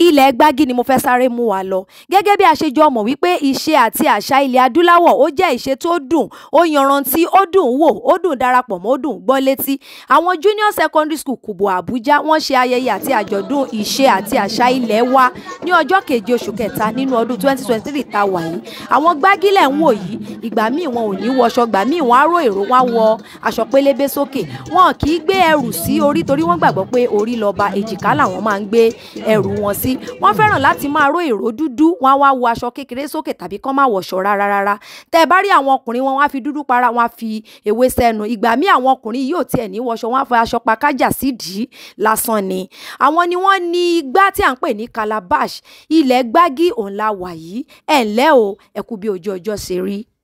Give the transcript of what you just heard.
ilẹ̀ gbági ni mo fẹ́ sáré mú wa lọ gẹ́gẹ́ bí a ṣe jọ mọ̀ wípé ìṣe àti àṣà ilẹ̀ adúláwọ̀ ó jẹ́ ìṣe tó dùn ó yanrantí ó dùn wò ó dùn darapọ̀ mọ́ ó dùn gbọ́ létí àwọn junior secondary school Kubo Abuja wọ́n ṣe ayẹyẹ àti àjọ̀dún ìṣe àti àṣà ilẹ̀ wa ní ọjọ́ keje oṣù kẹta nínú ọdún 2023 ta wà yìí àwọn gbágilẹ̀ ń wò yìí ìgbà míì wọn ò ní wọṣọ ìgbà míì wọn á ró èrò wọn á wọ aṣọ pélébé sókè wọn kì í gbé ẹrù sí orí torí wọ́n gbàgbọ́ pé orí lọ́ba èjìká làwọn máa ń gbé ẹrù wọn sí sí wọ́n fẹ́ràn láti máa ró èrò dúdú wọ́n á wá wọ aṣọ kékeré sókè tàbí kán má wọṣọ rárá rárá tẹ́ bá rí àwọn ọkùnrin wọn wọ́n fi dúdú para wọ́n á fi ewé sẹ́nu ìgbà míì àwọn ọkùnrin yóò tiẹ̀ ní wọṣọ wọ́n á fi aṣọ pa kájà sídìí lásán ni àwọn ni wọ́n ní igbá tí à ń pè ní calabash ilẹ̀ gbági òun la ẹ̀ ńlẹ́ o ẹ̀kú bí ojú ọjọ́ ṣe rí.